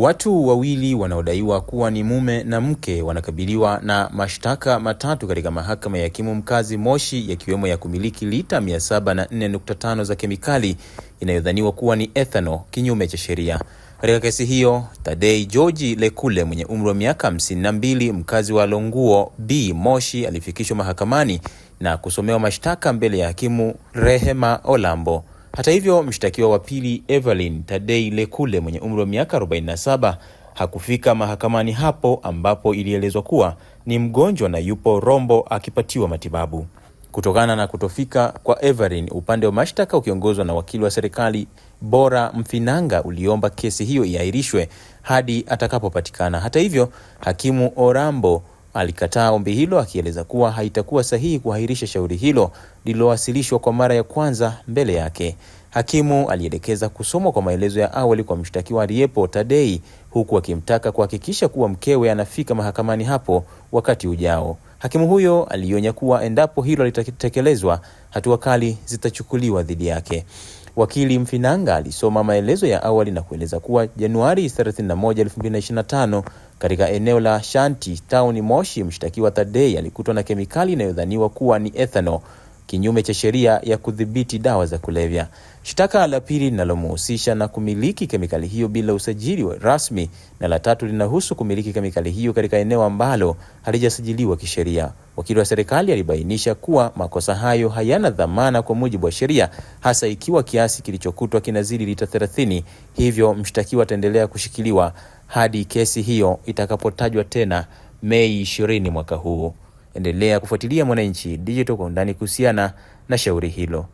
Watu wawili wanaodaiwa kuwa ni mume na mke wanakabiliwa na mashtaka matatu katika Mahakama ya Hakimu Mkazi Moshi yakiwemo ya kumiliki lita 704.5 za kemikali inayodhaniwa kuwa ni ethano kinyume cha sheria. Katika kesi hiyo, Tadei George Lekule mwenye umri wa miaka 52 mkazi wa Longuo B Moshi alifikishwa mahakamani na kusomewa mashtaka mbele ya Hakimu Rehema Olambo. Hata hivyo, mshtakiwa wa pili Evelyn Tadei Lekule mwenye umri wa miaka 47 hakufika mahakamani hapo ambapo ilielezwa kuwa ni mgonjwa na yupo Rombo akipatiwa matibabu. Kutokana na kutofika kwa Evelyn, upande wa mashtaka ukiongozwa na wakili wa serikali Bora Mfinanga uliomba kesi hiyo iahirishwe hadi atakapopatikana. Hata hivyo, hakimu Orambo Alikataa ombi hilo akieleza kuwa haitakuwa sahihi kuahirisha shauri hilo lililowasilishwa kwa mara ya kwanza mbele yake. Hakimu alielekeza kusomwa kwa maelezo ya awali kwa mshtakiwa aliyepo Tadei, huku akimtaka kuhakikisha kuwa mkewe anafika mahakamani hapo wakati ujao. Hakimu huyo alionya kuwa endapo hilo litatekelezwa, hatua kali zitachukuliwa dhidi yake. Wakili Mfinanga alisoma maelezo ya awali na kueleza kuwa Januari 31, 2025 katika eneo la shanti Town Moshi, mshtakiwa Thadei alikutwa na kemikali inayodhaniwa kuwa ni ethanol kinyume cha sheria ya kudhibiti dawa za kulevya. Shtaka la pili linalomuhusisha na kumiliki kemikali hiyo bila usajili rasmi, na la tatu linahusu kumiliki kemikali hiyo katika eneo ambalo halijasajiliwa kisheria. Wakili wa serikali alibainisha kuwa makosa hayo hayana dhamana kwa mujibu wa sheria, hasa ikiwa kiasi kilichokutwa kinazidi lita 30, hivyo mshtakiwa ataendelea kushikiliwa hadi kesi hiyo itakapotajwa tena Mei 20 mwaka huu. Endelea kufuatilia Mwananchi Digital kwa undani kuhusiana na shauri hilo.